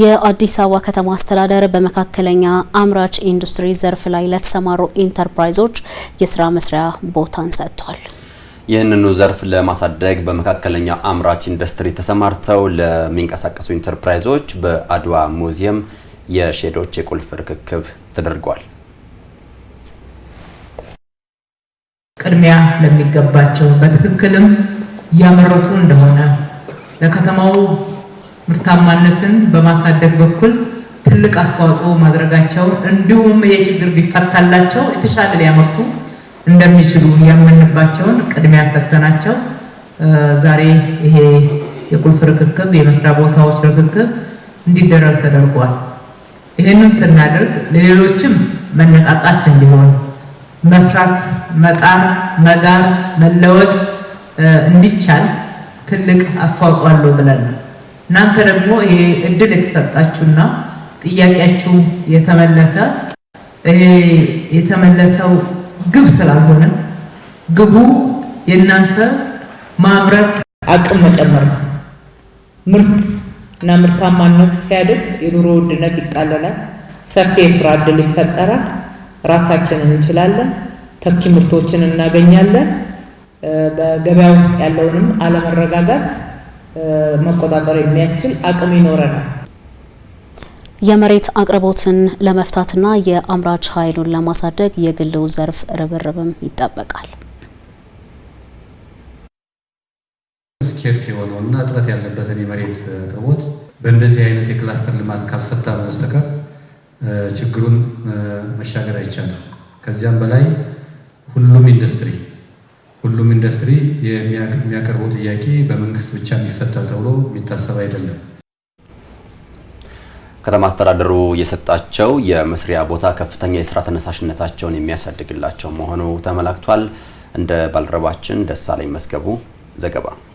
የአዲስ አበባ ከተማ አስተዳደር በመካከለኛ አምራች ኢንዱስትሪ ዘርፍ ላይ ለተሰማሩ ኢንተርፕራይዞች የስራ መስሪያ ቦታን ሰጥቷል። ይህንኑ ዘርፍ ለማሳደግ በመካከለኛ አምራች ኢንዱስትሪ ተሰማርተው ለሚንቀሳቀሱ ኢንተርፕራይዞች በአድዋ ሙዚየም የሼዶች የቁልፍ ርክክብ ተደርጓል። ቅድሚያ ለሚገባቸው በትክክልም እያመረቱ እንደሆነ ለከተማው ምርታማነትን በማሳደግ በኩል ትልቅ አስተዋጽኦ ማድረጋቸውን እንዲሁም የችግር ቢፈታላቸው የተሻለ ሊያመርቱ እንደሚችሉ ያመንባቸውን ቅድሚያ ሰጥተናቸው ዛሬ ይሄ የቁልፍ ርክክብ የመስሪያ ቦታዎች ርክክብ እንዲደረግ ተደርጓል። ይህንን ስናደርግ ለሌሎችም መነቃቃት እንዲሆን መስራት፣ መጣር፣ መጋር፣ መለወጥ እንዲቻል ትልቅ አስተዋጽኦ አለው ብለን ነው። እናንተ ደግሞ ይሄ እድል የተሰጣችሁና ጥያቄያችሁ የተመለሰ ይሄ የተመለሰው ግብ ስላልሆነ ግቡ የእናንተ ማምረት አቅም መጨመር ነው። ምርት እና ምርታማነት ሲያድግ የኑሮ ውድነት ይቃለላል። ሰፊ የስራ እድል ይፈጠራል። ራሳችንን እንችላለን። ተኪ ምርቶችን እናገኛለን። በገበያ ውስጥ ያለውንም አለመረጋጋት መቆጣጠር የሚያስችል አቅም ይኖረናል። የመሬት አቅርቦትን ለመፍታትና የአምራች ኃይሉን ለማሳደግ የግለው ዘርፍ ርብርብም ይጠበቃል። ስኬርስ የሆነውና እጥረት ያለበትን የመሬት አቅርቦት በእንደዚህ አይነት የክላስተር ልማት ካልፈታ በስተቀር ችግሩን መሻገር አይቻልም። ከዚያም በላይ ሁሉም ኢንዱስትሪ ሁሉም ኢንዱስትሪ የሚያቀርበው ጥያቄ በመንግስት ብቻ የሚፈታል ተብሎ የሚታሰብ አይደለም። ከተማ አስተዳደሩ የሰጣቸው የመስሪያ ቦታ ከፍተኛ የስራ ተነሳሽነታቸውን የሚያሳድግላቸው መሆኑ ተመላክቷል። እንደ ባልደረባችን ደሳለኝ መዝገቡ ዘገባ